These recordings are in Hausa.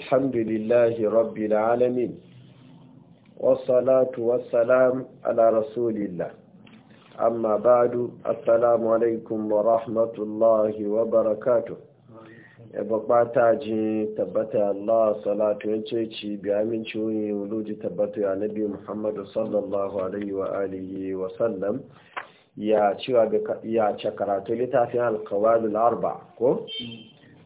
الحمد لله رب العالمين والصلاة والسلام على رسول الله أما بعد السلام عليكم ورحمة الله وبركاته يبقى تبتع الله صلاة وانتشي بأمين شوي ولود تبتع نبي محمد صلى الله عليه وآله وسلم يا شكرا تلتا في القوال الأربع كو؟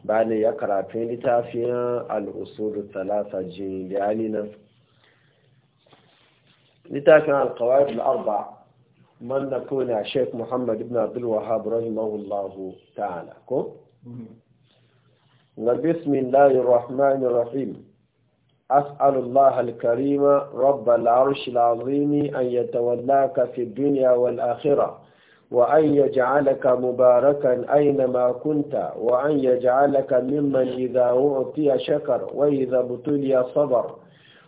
bani ya karatun littafin al'usulu talata jin yali nan littafin alkawai al'arba man na kuna sheik muhammad ibn abdulwahab rahimahullahu ta'ala ko? na bismillahir rahmanir rahim أسأل الله الكريم رب العرش العظيم أن يتولاك في الدنيا والآخرة وأن يجعلك مباركا أينما كنت وأن يجعلك ممن إذا أعطي شكر وإذا ابتلي صبر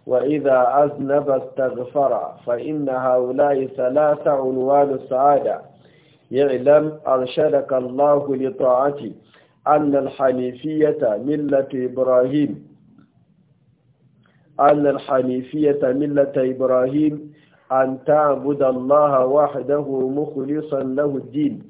وإذا أذنب استغفر فإن هؤلاء ثلاثة عنوان السعادة يعلم أرشدك الله لطاعتي أن الحنيفية ملة إبراهيم أن الحنيفية ملة إبراهيم أن تعبد الله وحده مخلصا له الدين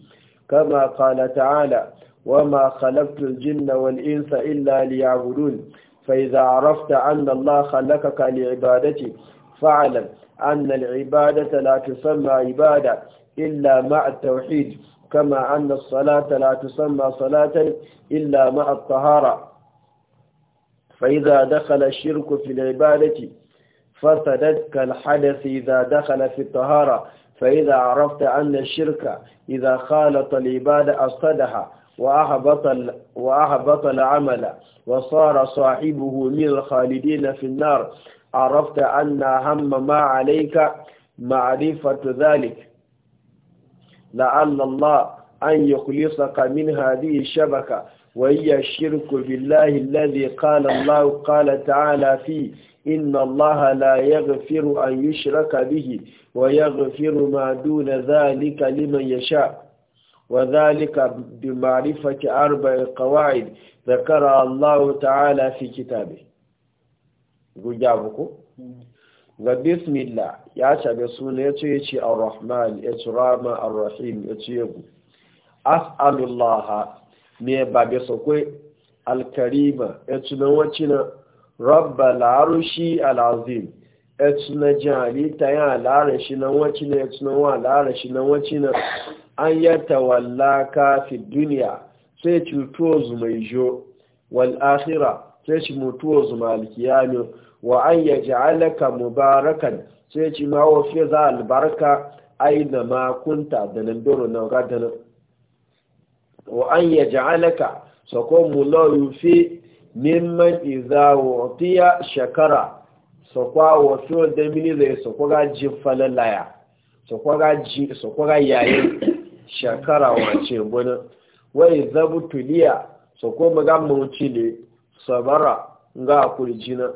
كما قال تعالى وما خلقت الجن والإنس إلا ليعبدون فإذا عرفت أن الله خلقك لعبادته فاعلم أن العبادة لا تسمى عبادة إلا مع التوحيد كما أن الصلاة لا تسمى صلاة إلا مع الطهارة فإذا دخل الشرك في العبادة فسدت كالحدث إذا دخل في الطهارة فإذا عرفت أن الشرك إذا خالط العبادة أصدها وأحبط, وأحبط العمل وصار صاحبه من الخالدين في النار عرفت أن أهم ما عليك معرفة ذلك لعل الله أن يخلصك من هذه الشبكة وهي الشرك بالله الذي قال الله قال تعالى فيه إن الله لا يغفر أن يشرك به ويغفر ما دون ذلك لمن يشاء وذلك بمعرفة أربع قواعد ذكرها الله تعالى في كتابه جابكم بسم الله يا شباب سنة الرحمن الرحيم الرحيم أسأل الله me ba be sokwe alkarima etuna wacina rabba larushi alazim etuna jali ta ya larashi nan wacina etuna wa larashi nan wacina an yata ka fi duniya sai zumai zumaijo wal akhirah sai ci mutuwa zumalikiyano wa an ya ja'alaka mubarakan sai ci ma wafi za albarka aina ma kunta da nan doro na gadanin wa an ya ja'alaka sakon mula rufe neman izawo fiya shakara sakwa wato da mini zai sakwaga jin falalaya sakwaga yayin shakara wace gudun wani zabu tuliya sakon maga mawuci ne sabara ga kurjina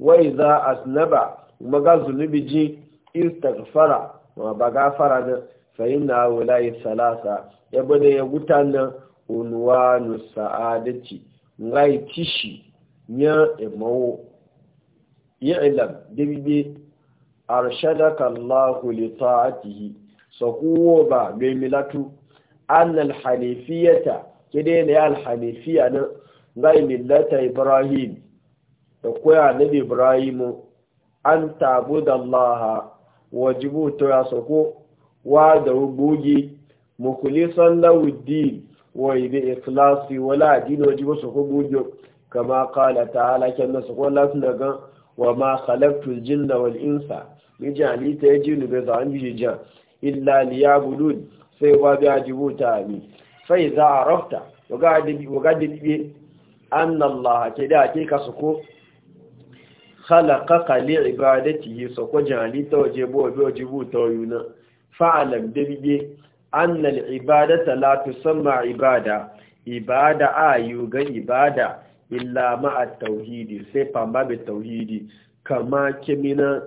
wai za asnaba maga zunubi ji istaghfara ma ba gafara da fahimna wulayi salasa ya bada ya gutana na sa'adaci ngai tishi nya emawo ya ilam dibibe arshadaka Allahu li ta'atihi sakuwo ba mai milatu annal hanifiyata kide ne al na ngai millata ibrahim da koya nabi ibrahim an tabudallaha wajibu to ya sako wa da rubuji مخلصا له الدين وبإخلاص ولا دين وجب وجب كما قال تعالى كما سخوا لسنا وما خلقت الجن والإنس نجعلي تجين عن جيجا إلا ليعبدون سيوا بيعجبوا تامي فإذا عرفت وقعد بي أن الله كدا أتيك سخو خلقك لعبادته سخو جعلي توجبوا بيعجبوا تايونا فعلم دبيه annal ibadata la tusamma ibada ibada ayu ga ibada illa ma'a tauhidi sai famba bi tauhidi kama kimina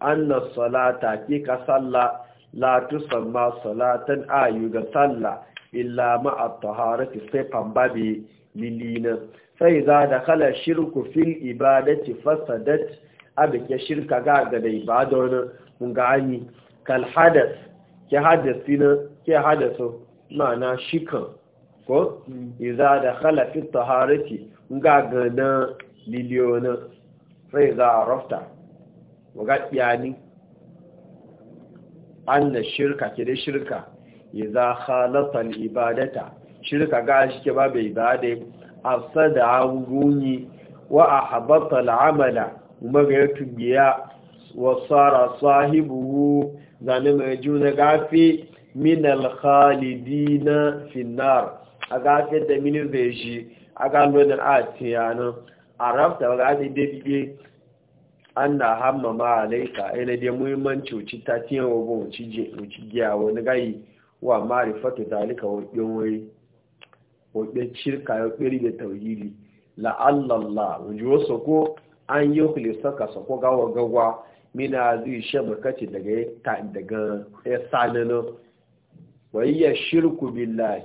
anna salata kika salla la tusamma salatan ayu ga salla illa ma'a taharati sai famba bi lilina sai za da kala shirku fil ibadati fasadat abike shirka ga ga da gani kal ke hadasi na ke hadasa ma'ana shikan ko mm. iza da halafin taharati ga gana miliyonin sai za a rafta ga yani an da shirka ke da shirka iza halafan ibadata shirka ga shi ke babu ibadai a sada wuni wa a habatta al'amala kuma ga ya tubiya wa sahibu zane mai juna gafi min na finar a gafi da mini beji a gano da a tiyana a rafta ga ake daidai an na hamma ma alaika yana da muhimmanci wuci ta tiyan wagon wuci giya wani gayi wa marifatu dalika wajen wai wajen cirka ya kiri da tauhili la'allallah wuji wasu an yi ka soko gawa gawa mina zai shabakati daga daga ya sanana wa ya shirku billahi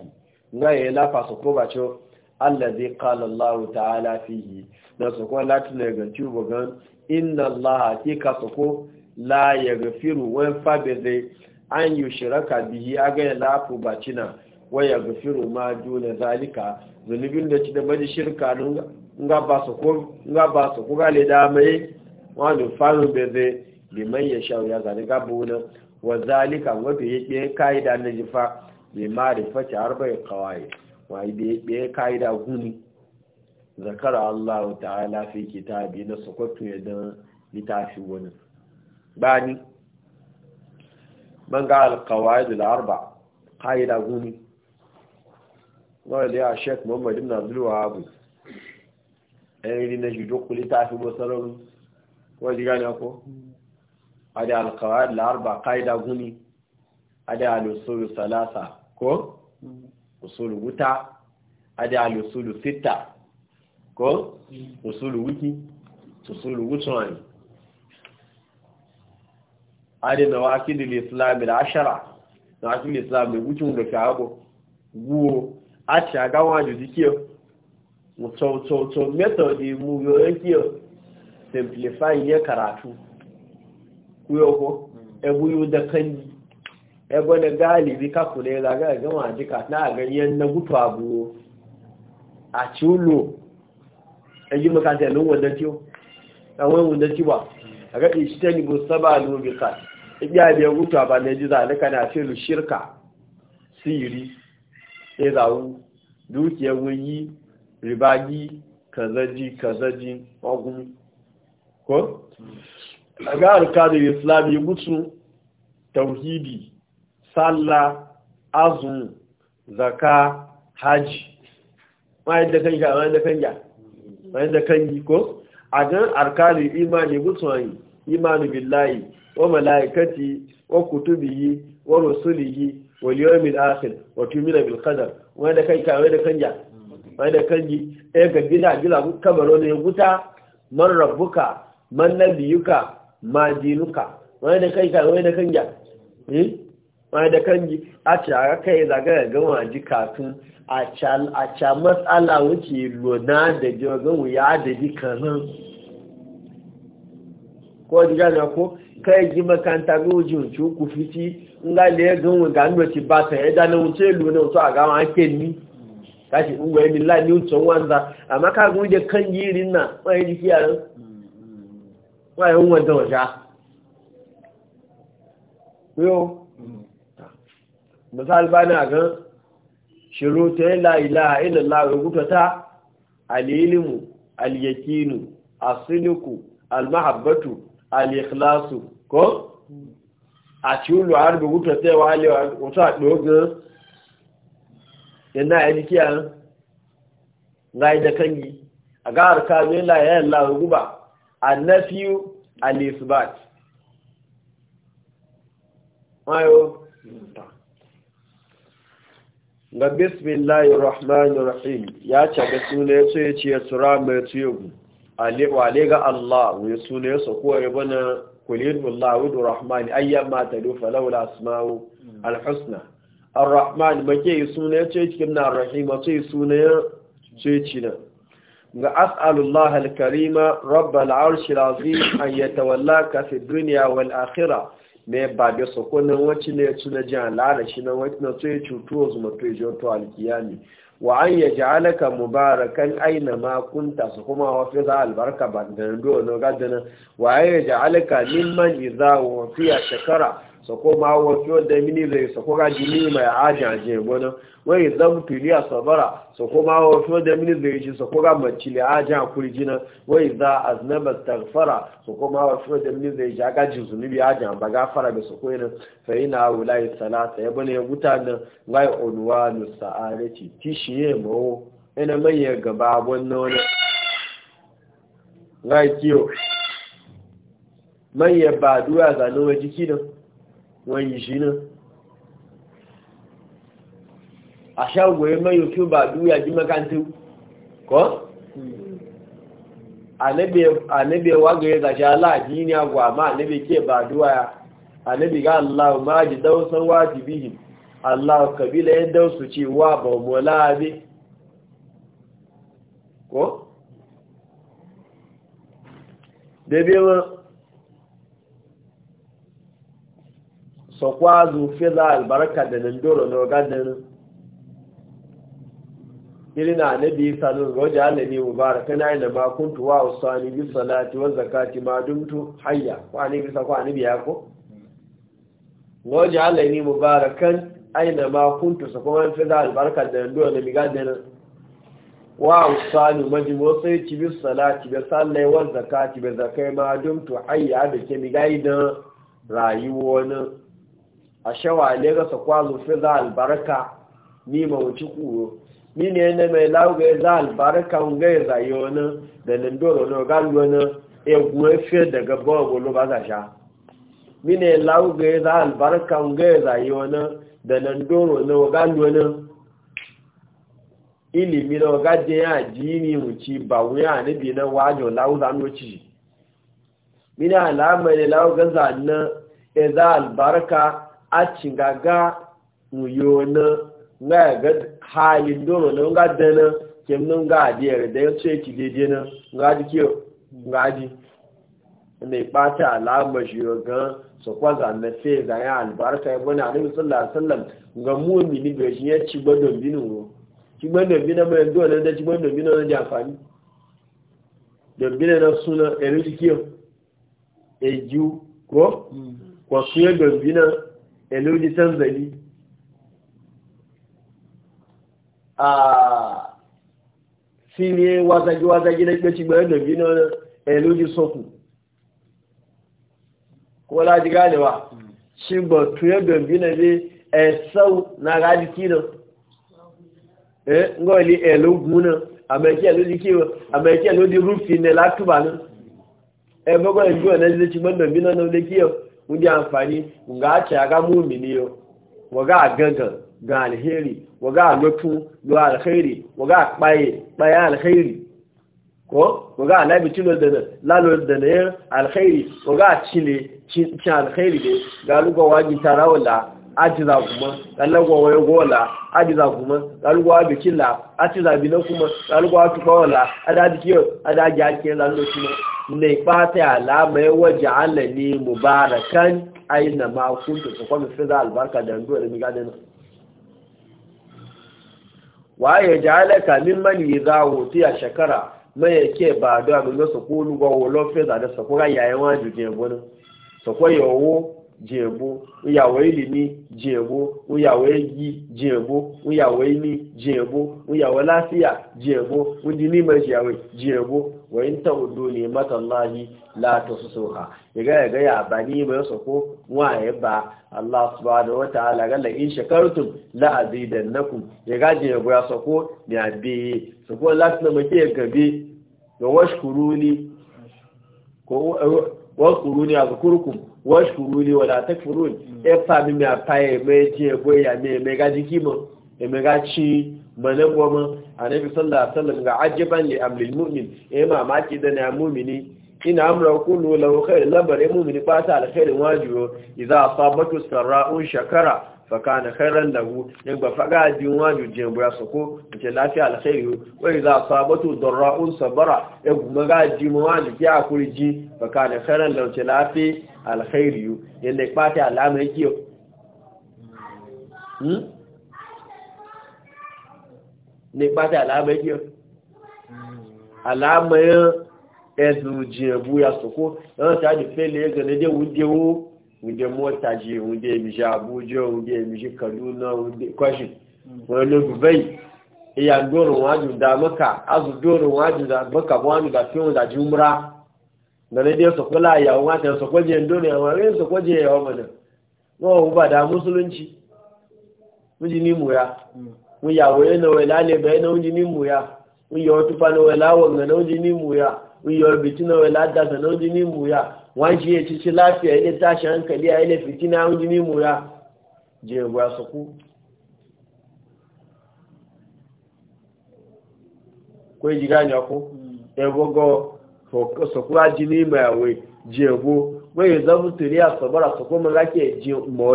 na ya lafa su ko ba cewa Allah zai kala Allah ta'ala fihi na su kuma latin da ga ciwo gan inna Allah ka su ko la ya wa ruwan fabe zai an yi shiraka bihi aga ya lafu bacina wa gafi ma juna zalika zunubin da ci da bari shirka nga ba su ko gale da mai wani faru da zai liman ya sha ya zane gabu nan wa zalika wanda ya ɓe ka'ida na jifa bai ma da face har bai kawai wani da ya ɓe ka'ida guni zakar Allah ta'ala fi kitabi na sokotu ya dan littafi wani bani man ga alkawai da larba ka'ida guni wani da ya shek muhammadin na zuwa abu ɗan yi na shi dokuli ta fi waje gane ko ada alkawar larba ƙa'ida guni ada alusulu salasa ko usulu wuta ada alusulu sita ko usulu wiki usulu wutan ada na wakilin islam da ashara na wakilin islam da wucin da shago guwo a shagawa da zikiyar mutum-mutum method mu yoyon kiyar simplifying ya karatu kuyoko buyu hmm. da kanyi ebe da galibi kakule zaga gama jika na ganyen na gutu abu a ciulo a yi makanta yalin wadda ciwo a wani wadda ciwa a ga ɗin shi ta nibu saba lobi ka iya biya gutu a banan ji zalika na filu shirka siri ya zaun dukiyar wuyi ribagi kazaji kazaji ogun ko ga alkadir islami mutu tauhidi sallah azun zaka haji mai da kanya mai da kanya mai da kanyi ko a gan alkadir imani mutu wani imani billahi wa malaikati wa kutubihi wa rusulihi wa yawmil akhir wa tu'minu bil qadar mai da kanya mai da kanya mai da kanyi E, eh, ga gida gida kamaro ne wuta man rabbuka man biyuka ma dinuka wani da kai kai wani da kanja eh hmm? wani da kanji a cara kai zaga ga waji katun a cal a ca matsala wuce lona da jogan wuya da ji kanan ko diga na ko kai ji makanta ga wuce wuce ku fiti in ga da ya gan wuga ndo ci ba ta yadda na wuce lona wuce a gama ake ni kashi ungwa yi mila ni wuce wanza amma ka guje kan yirin na wani jikiyarin wáyé ń wọ́n ga shiru misali bá ní àgán ṣòro tẹ́ láìlá ìlàlá ògútọ́ta alìílìmù alìyàkínù asílùkù almahabbatu alìkìláṣù kọ́ àti olù àrùbù ògútọ́ wà lè wọ́n àgbógán yana ẹni kí a ń anafiyu alisbat ayo ga bismillahir rahmanir rahim ya ce ga sunan yaso yace ce tsura mai tuyu ali wa ali ga Allah wa sunan yaso ko ya bana kulil wallahu rahman ayyama tadu falawla asma'u al-husna ar-rahman make sunan yace cikin na rahim sai sunan yace cikin ga as'alullah al-karima rabbal arshil azim an yatawallaka fi dunya wal akhirah me ba da sokonin wacce ne su na jihan lara shi na wacce na so ya cutuwa zuma to ya to alkiyami wa an ya ji mubarakan aina ma kunta su kuma wafi za albarka ba da ndo na gadana wa an ya ji mimman iza wa fiya shekara sako ma wasu wanda mini zai sako ga jini mai ajaje wani wani zan fili a sabara sako ma wasu wanda mini zai shi sako ga macili aja kurjina wani za a znaba tarfara sako ma wasu wanda mini zai shi aga jin zunubi aja ba da sako yana sai na wulayi salata ya bane ya guta nan wai onuwa nusa arati ba duwa zanen wa jiki wọ́n yìí ṣí náà àṣà ògbòye mẹ́yìn kí ó bá dúró àjímọ́ káńtí kọ́ ànẹ́bí ẹwà gẹ̀rẹ́ gàṣà aláàjí ní àgbà àmá ànẹ́bí kí ẹ̀bà àdúwà ya ànẹ́bí ga aláwọ̀ máa jì dáwọ́sán wá ti bí yìí aláwọ̀ kàbílá ẹ̀ dáwọ́sù ce wà bọ̀ mọ́ láàbí kọ́ sọkwazu fila albarka da nandoro na ogadin irin na bi sanin roja alami mubaraka na ina makuntu wa usani bi salati wa zakati ma dumtu hayya kwani bisa kwani biya ko roja alami mubaraka aina makuntu sakwazu fila albarka da nandoro na migadin wa usani majimo sai ci bi salati bi sallai wa zakati bi zakai ma dumtu hayya da ke migadin rayuwa na a shawa lega sa kwazo fi za albarka ni ma wuce kuro ni ne ne mai lauga za albarka nga ya zayi wani da lindoro na galu wani ya kuma fi daga bawa lo ba za sha ni ne lauga za albarka nga ya zayi wani da lindoro na galu wani ilimi na gaje ya ji ni wuci ba wuya ni bi na wajen lauza noci mina alamar lauga za na ya za albarka a cingaga muyo na nga ga halin doro na nga dana kemno nga adiyar da ce ki daidai na nga ji ke nga ji na bata alama shi ga su kwaza na fe ga ya albarka ya bane alayhi sallallahu alaihi wasallam ga mu'mini ga shi ya ci gbadon binu ci gbadon binu mai dole da ci gbadon binu na da amfani da binu na suna eriki kiyo eju ko ko su ya gbadon binu Eluji tanzali a sinye wazagi-wazagi na ikpeci gbara da eluji soku ko laji ganewa shi tuye da biyu na esau eh, na gaji kina eh ngoli elogun na amẹ́kí eluji kí amẹ́kí ẹ̀lódí rúfin ní látùbà náà ẹgbẹ́gbẹ́ ìgbẹ́ ọ̀nà ilé ti gbọ́dọ̀ bí náà lé kí wunde amfani nga ce ga mumini yo waga gangan ga alheri ga lotu lo alheri ga paye paye alheri ko waga alabi tilo da lalo da ne alheri ga chile chin alheri de ga lugo waji tarawala za kuma ɗalagwa wayo gola za kuma ɗalagwa za bi na kuma ɗalagwa tukawola adajikiyo adajake lalo shi ne yi alama ya waje ala ne mubarakan aina ta su kwami fi za albarka da ndo da migadina waye ji alaka min mani za wuti a shekara mai yake ba da abin da su kulu ga wolo fi za da sakura yayin wajen gwanin sakwai yawo jebo ìyàwó ìlìní jebo ìyàwó èyí jebo ìyàwó ìní jebo ìyàwó láfíà jebo ìdí nímọ̀ ìyàwó jebo wọ́n ń tàn odò ní ta látọ̀ so ha ìgá bá ní ìmọ̀ ba allah subhanahu wa ta'ala gala in shakartum la azidannakum ìgá jebo ya na ma ẹ̀ ga washkuru ni ko wakuruni a kurkun wasu kuruni wala ta kuruni ya mi mi afa ya eme jiye goyi ya mi eme ga jiki ma eme ga ci mana goma a nabi sallallahu alaihi wasallam ga ajiban li amlil mu'min ya yi mamaki ki da na mu'mini ina amra ku lo la khair la bare mu'mini fa ta al khair wajibu idza asabatu sarra'un shakara fakana khairan lahu ne ba faga jin waju jin bura su ko ke lafiya alkhairu wai za sabatu darra'un sabara e kuma ga ji mu waju ki akuri ji fakana khairan lahu ke lafi alkhairu yanda kwati alama yake hmm ne kwati alama alama ya ezu jin bura su ko dan ta di fele ga ne de wudewo wunde mota ji wunde mishi abuja wunde mishi kaduna wunde kwashi. wani gubai iya doron wajin da maka azu doron wajin da maka wani da fiye da jumra da na dai su kula ya wani ta su kwaje doron ya wani su kwaje ya wani wani ba da musulunci miji ni mu ya mun yawo na wai lale bai na wunji ni mu ya mun yawo tufa na wai lawon na wunji ni mu ya wiyo obi wai ladda sana wani muya wani ya cici lafiya ile tashi a ile fitina wani ni muya je gwa su ya kwai hmm. ji gani ku ebogo sọkú ají ní ìmọ̀ ẹ̀wẹ̀ jí ẹ̀wọ́ wọ́n yóò zọ́bùtò ní àsọ̀bọ́ra sọkú mọ́ láti ẹ̀jí mọ̀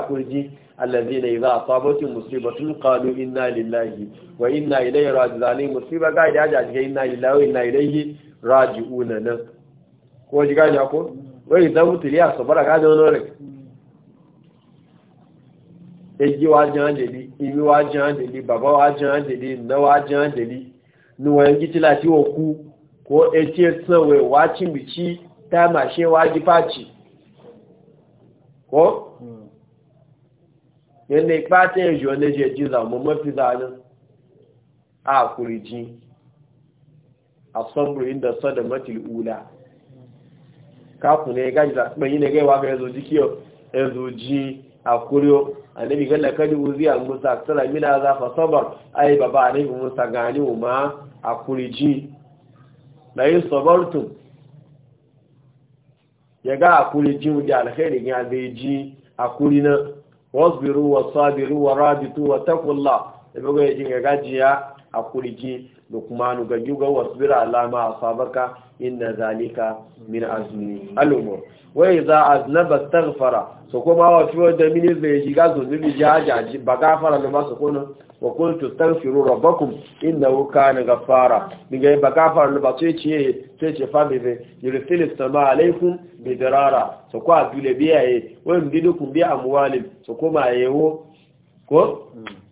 ọ́ الذين إذا أصابتهم مصيبة قالوا إنا لله وإنا إليه راجعون مصيبة قاعد أجاج إنا لله وإنا إليه راجعون ko ji gani ako wai da mutuliya so bara ga da nore eji wa jan imi wajen jan baba wa jan na wa jan deli nu wa lati oku ko eti esan we wa ta ma se wa ko yadda ya kpata ya ji wanda je ji zama mafi zanen a kuriji a samuru inda sada matil ula kafin ne ya gaji zaɓen yi na gaiwa ga yazo ji kiyo yazo ji a kuriyo annabi galla a musa baba ma a yin ya ga a zai ji a wasbiru wasabiru waraditu wattaqulla da bugo yake gajiya a kurji lukmanu ga yuga wasbir alama asabaka inna zalika min azmi al-umur wa idha aznaba astaghfara so kuma wa tuwa da mini zai jiga zunubi jaja ba gafara da masu kuna wa kuntu astaghfiru rabbakum innahu kana ghaffara diga ba gafara da ba sai ce sai ce fa bebe yursilu sama alaikum bidarara so kwa dule biyaye wa mbidukum bi amwalim so kuma yewo ko hmm.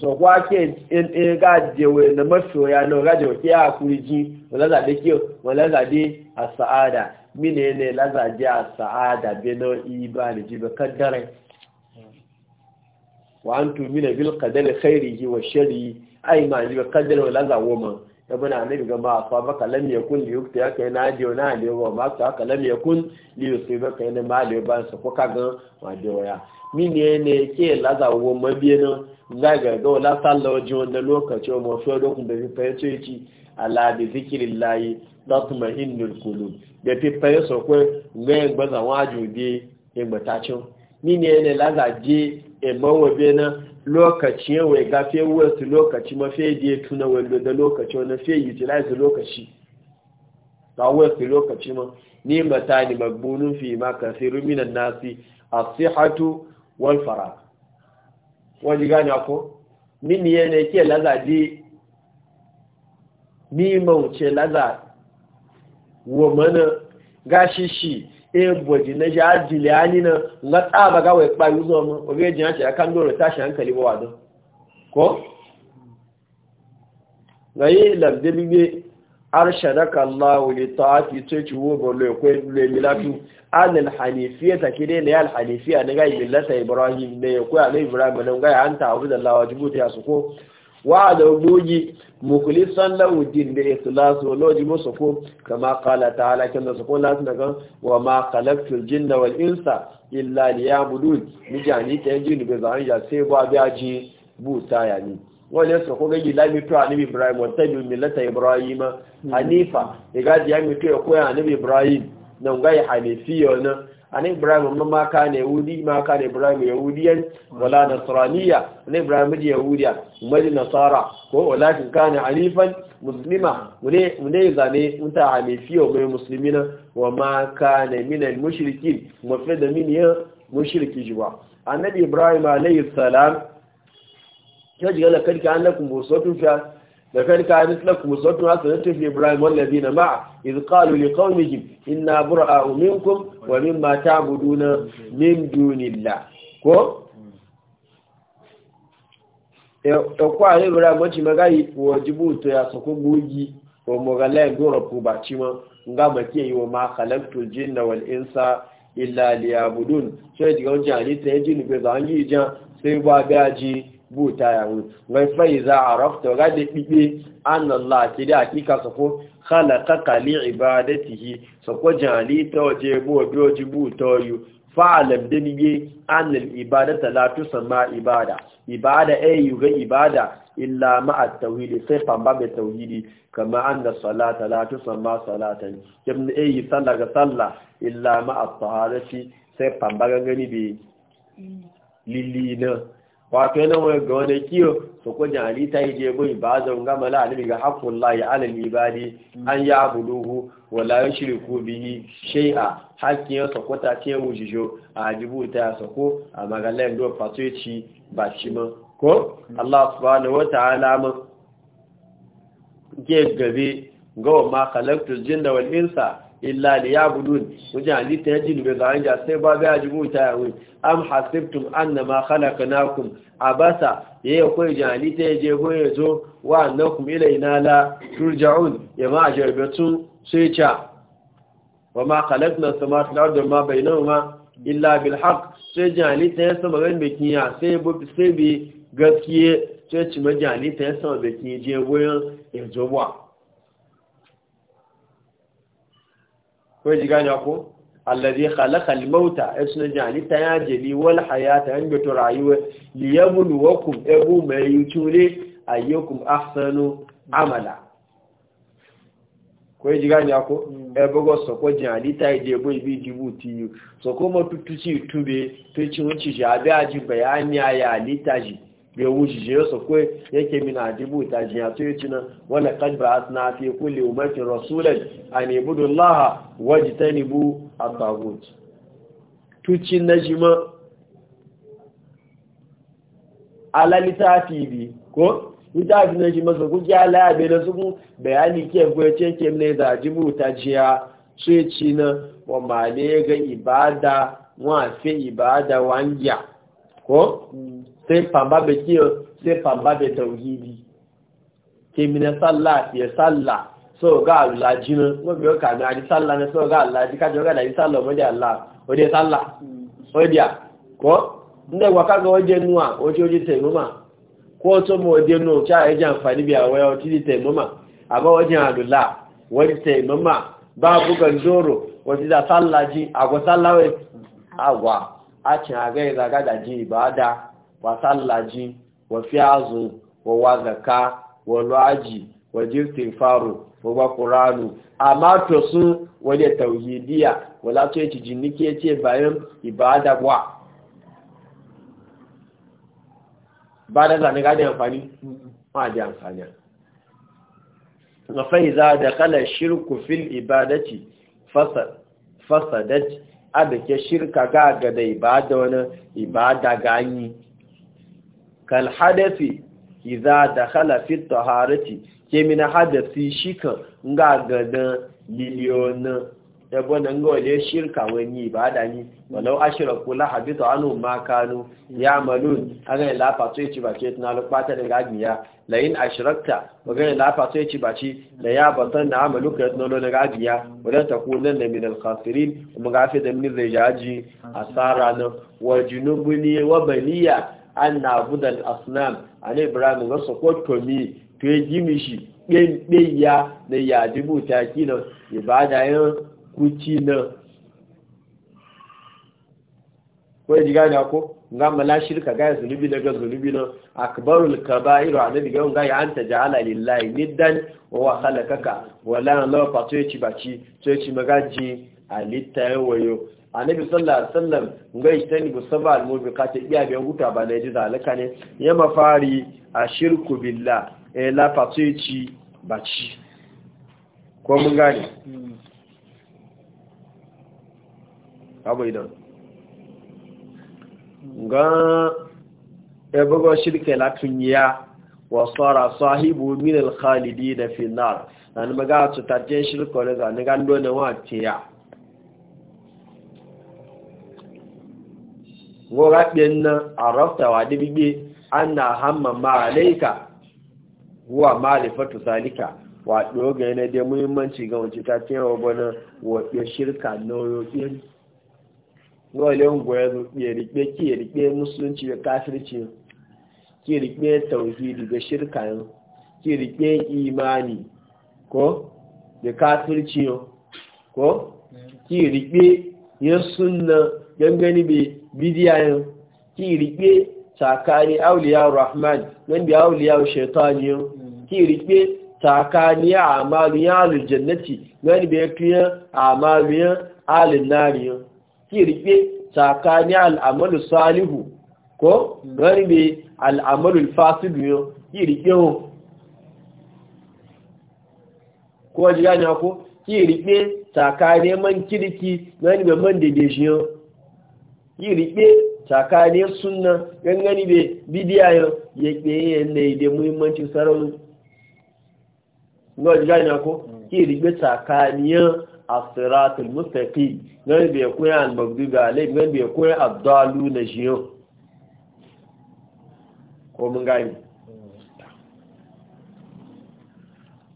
so kwa ke in gajewe na masoya na gajewa ke a kuriji wala zaɓe ke wala zaɓe a sa'ada mine ne la zaɓe a sa'ada be na iba da jibe kaddare wa an tumi na bil kadar khairihi wa shari'i ai ma jibe kaddare wala zawo ma da bana nabi ga ba fa baka lam yakun li yukta kai na je na le ba ma ta ka lam yakun li yusiba kai ma le ba su ko ka ga ma de waya min ne ne ke la za wo bi ne za ga ga la lo ji da lokaci mo so do kun da fi fa yace ci ala bi zikrillah tatma'innul qulub da fi fa yaso ko za wa ju bi e gbata cin min ne ne la za je e wo bi na lokaci yawa ga gafe wasu lokaci mafi da ya tuna wando da lokaci wani fe utilize lokaci ba wasu lokaci ma ni mata ni magbunin fi ma kasi ruminan nasi a sihatu wal fara wani gani ako mini yana ke laza di ni mauce laza wa mana gashi shi egboji na shi ajili ani na nga tsaba ga wai kpayu zo mu oge jin ya kan dole tashi hankali ba wado ko gayi labdilibe arshadaka Allah li ta'ati tuci wo go le ko le milatu an al hanifiyata kide ne al hanifiya ne ga millata ibrahim ne ko al ibrahim ne ga anta abu da Allah wajibu ta su ko wa da gogi mukhlisan lahu din da ikhlas wa loji musu kama qala ta'ala kan da la lati wa ma khalaqtul jinna wal insa illa liya'budun mijani ta jini be zan ya sai ba biya ji buta ya ni wale su ko gaji mi to anabi ibrahim wa tabi millata ibrahima hanifa ya gaji ya mi to ya koya ibrahim nan gai hanifiyo na an ibrahim mun ma kana yahudi ma kana ibrahim yahudiyan wala nasraniya an ibrahim ji yahudiya mali nasara ko walakin kana alifan muslima mune mune zane unta hanifiyo mai muslimina wa ma kana min al mushrikin mafada min ya mushriki jiwa annabi ibrahim alayhi salam ya ji gala kalka fiya لقد كانت لكم أسوة حسنة في إبراهيم والذين معه إذ قالوا لقومهم إنا براء منكم ومما تعبدون من دون الله كو Ẹ̀kọ́ àrí ìrora mọ́tí mẹ́gá ìpò ọjíbò tó yà sọkó ń gá mọ̀ kí máa kàlẹ́kùtò jínà wọ̀l ìnsá ìlàlẹ̀ àbùdùn tó ẹ̀dìgán jẹ́ yìí buta ya wu wai fai za a rafta ga da bibe an Allah ki da hakika su ko khalaqa li ibadatihi su ko jali ta waje bo biyoji buta yu fa'alam da bibe an al ibadata la tusamma ibada ibada ay e ga ibada illa ma at tauhidi sai famba be tauhidi kama anna salata la tusamma salatan kamne ay salla ga salla illa ma at taharati sai famba ni bi lilina wato yana wani ga wani kiyo su ko jali ta yi jebo ba zan gama la ga haƙƙun layi alal ibadi an ya buluhu wala ya shiri ko biyi shai'a haƙƙin ya ta ce wujijo a ta ya sako a magalayin don fatoci ba shi ma ko allah subhanahu wa ta'ala alama ke gabe gawa ma khalaqtu jinna wal insa illa li yabudun wajen halitta ya ji lube ga hanja sai ba bai aji buta ya wuri am hasibtum annama a basa ya yi kwai jin halitta ya je goye zo wa annakum ilaina la turja'un ya ma a jarbatun sai ca wa ma khalaqna ma wal ardi ma bainahuma illa bil haqq sai jin halitta ya sama ran bikin ya sai bu sai bi gaskiye sai ci majin halitta ya sama bikin je goyen ya zo wa ko ji gane ko allazi khalaqa al-mauta isna jani ta wal hayata an bitu rayuwa liyabluwakum abu mai yuture ayyukum ahsanu amala ko ji gane ko e mm. bogo so ko jani ta je bo ibi dibuti so ko mo tutuci tube to ci won ci jabe aji bayani aya litaji bai wuce ya sakwai yake min adibu ta jiya to yi cinan wani kalbra na fi kulle umarci rasulun a nebudun laha waje ta nebu na jima alalita fi ko littafi na jima su kuki alayabe na suku bayani ke gwace ke ne da adibu ta jiya so yi cinan wa male ga ibada wa ibada wangiya ko mm. sai famba da kiyo sai famba da ke sallah ya sallah so ga alaji jina wọ́n bí ó kà ní sallah na so ga alaji kájọ ga àdí sallah ọmọdé allah ọdẹ sallah ọdẹ kọ́ ndẹ́ wàkágọ ọjẹ́ nù à ojú ojú tẹ̀ mọ́mà kó tó mọ́ ọdẹ o ọ̀chá te àǹfààní bí àwẹ́ ọtí tẹ̀ mọ́mà o ti da sallah Agwa sallah wa sallaji wa fiyazu wa wazaka wa lu'aji wa jirtifaru wa ba qur'anu amma to su wani tauhidiya wala to yace jinnike yace bayan ibada wa ba da zane ga amfani ma da amfani fa iza da kala shirku fil ibadati fasadat abike shirka ga ga da ibada wani ibada ganyi kal hadafi idza dakhala fi taharati ke min hadafi shika nga gada miliyon yabo nan ga waje shirka wani ibada ni walau ashraku la habita anu ma kanu ya'malun aga la fato yace bace tana lokata daga agiya la in ashrakta waga la fato ba bace la ya batan na ka tana daga ya wala takunan na min al-khasirin kuma gafe da min zai a asara na wa junubuni wa baliya an na abudan asnam a ne ibrahim ga sokoto mi to ya gimi shi ɗaya na yajibu ta kina ibada yin kuci na ko ji gani ako nga mala shirka gaya zunubi na ga zunubi na akbarul iro a nabi ga gaya an ta ja'ala lillahi niddan wa khalaqaka wala lafa to ya ci baci to ya ci magaji a littayen wayo annabi sallallahu alaihi wasallam ngai tani bu saba al kace iya biyan huta ba ne ji zalika ne ya mafari ashirku billah eh la fatici baci ko mun gane abu idan ga ya bugo shirke la tunya wa sara sahibu min al-khalidin fi nar an maga tutaje shirko ne ga ne gando ne wa tiya warabin nan a raftawa da ana hamma ma'alaika wa malifatu salika wa ɗoga yana da muhimmanci ga wace ta ce wa bana wa shirka na yoyin wale ngwa ya zo ya rikpe ya rikpe musulunci ya kafirci ki rikpe tauhidi ga shirka yau ki rikpe imani ko da kafirci ya ko ki rikpe yin sunna gangani bai bidiyayen ki rike tsakani auliya rahman nan bi auliya shaitani ki rike tsakani amalu ya jannati nan bi kiya amalu ya alinari ki riƙe tsakani al'amalu salihu ko nan bi al'amalu fasidu ki rike ko ji ganya ko ki riƙe tsakani man kirki nan bi man dede shi yi riɓe tsakanin sunna gangani da bidiyayen ya ƙeye yanayi da muhimmancin sarari ga gani ko mm. yi riɓe tsakanin asiratul mustafi gani bai kuwa albabdu ga alai gani bai kuwa abdalu na shiyon ko mun gani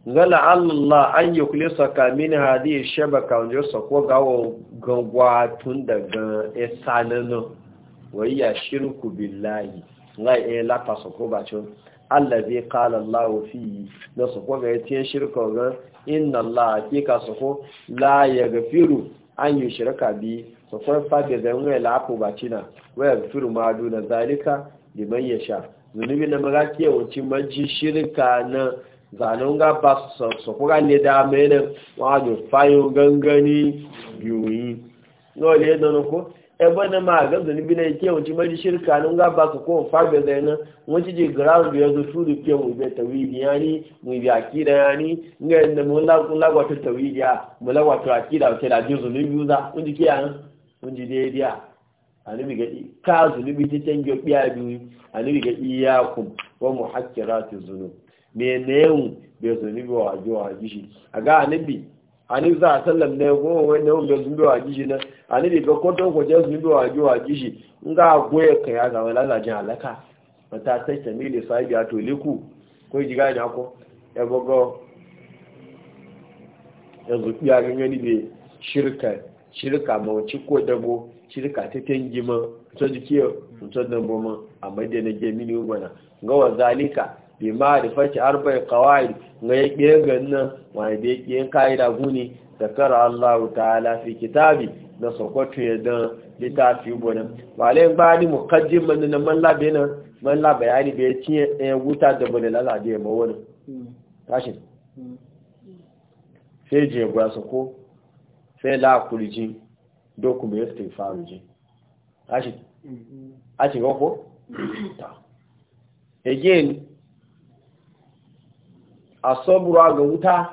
zala Allah an yi saka mini hadi shabaka wanda yasa ko gawo gangwa tun daga ya shirin shirku billahi la lafa sako bacin allazi kala Allah fi na sako ga yace shirka ga inna Allah hakika sako la gafiru an yi shirka bi sako fage zai zan lafa ba cina waya wa yaghfiru ma duna zalika liman yasha zunubi na magaki yawanci majji shirka na zanen ga ba su sakura ne da mene wajo fayo gangani yiwuyi yau e ne da nuku ebe na ma ga zuni bi na ike wuce mai shirka na ga ba su ko farbe zai nan wuce je ground ya zo su da ke mube ta wili ya ni mai bi akida ya ni nga yadda mun lagwata ta wili ya mu lagwata akida wuce da jin zuni biyu za wuce ke ya wuce da ya diya a nubi ga ka zuni bi ta can gyo biya biyu a nubi ga iya kun ko mu hakkira ta zunubi me newu bi wa ni bo ajo a ga anabi ani za sallam ne kuma we ne umbe zumbi ajishi na ani bi ko ton ko je zumbi ajo ajishi nga gwe ka ya ga wala la jan alaka mata ta tamili sahibi atoliku ko jiga ja ko e bogo yanzu e ya ganye ni be shirka shirka mawuci ko dabo shirka ta tangima ta jikiyar mutum dabo ma a madina gemini ugwana ga wa zalika bi ma da fashi arba'in kawai ga ya ƙiyar ganin wani da ya ƙiyan ka'ida guni da kara Allah ta'ala fi kitabi na sokoto ya dan littafi wani malayin mu mukajjin mani na malla bayani malla bayani bai cinye ɗaya eh, wuta da bane lalaje ya mawani tashi sai je gwasa ko sai lakurji dokuma ya stay ji tashi mm-hmm. a cikin ko? ta again asabura ga wuta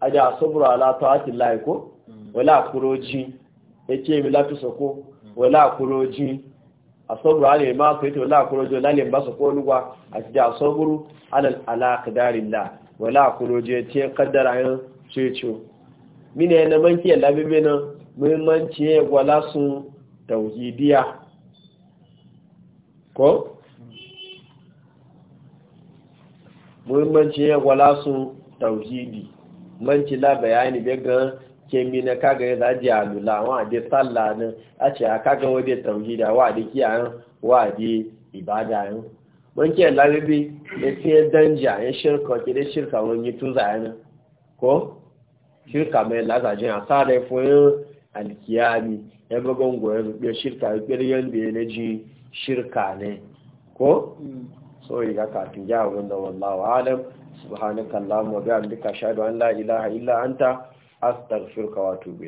a da asabura ala ta'atin lahi ko mm. wala kuroji ya mi lafi sako wala kuroji asabura ne ma ko yake wala kuroji wala ne ba ko lugwa a da asaburu ala ala qadarillah wala kuroji ce kaddara yin cece mine na manki labi bena muhimmanci ya gwala su tauhidiya ko muhimmanci ya gwala su tauhidi manci la bayani bai ga kemi na kaga ya zaji a lula wa de sallah ne a ce a kaga wa de tauhida wa de kiyayen wa de ibada yin manci la bibi ya ce danja ya shirka ke da shirka wani tuza yana ko shirka mai lazajin a sare foyin alkiyami ya bugon goyon ya shirka ya kirgin da ya ji shirka ne ko mm. sori ga kafin ya da wallahu alam subhanakallahumma wa bihamdika ashhadu an la ilaha illa anta astaghfiruka wa atubu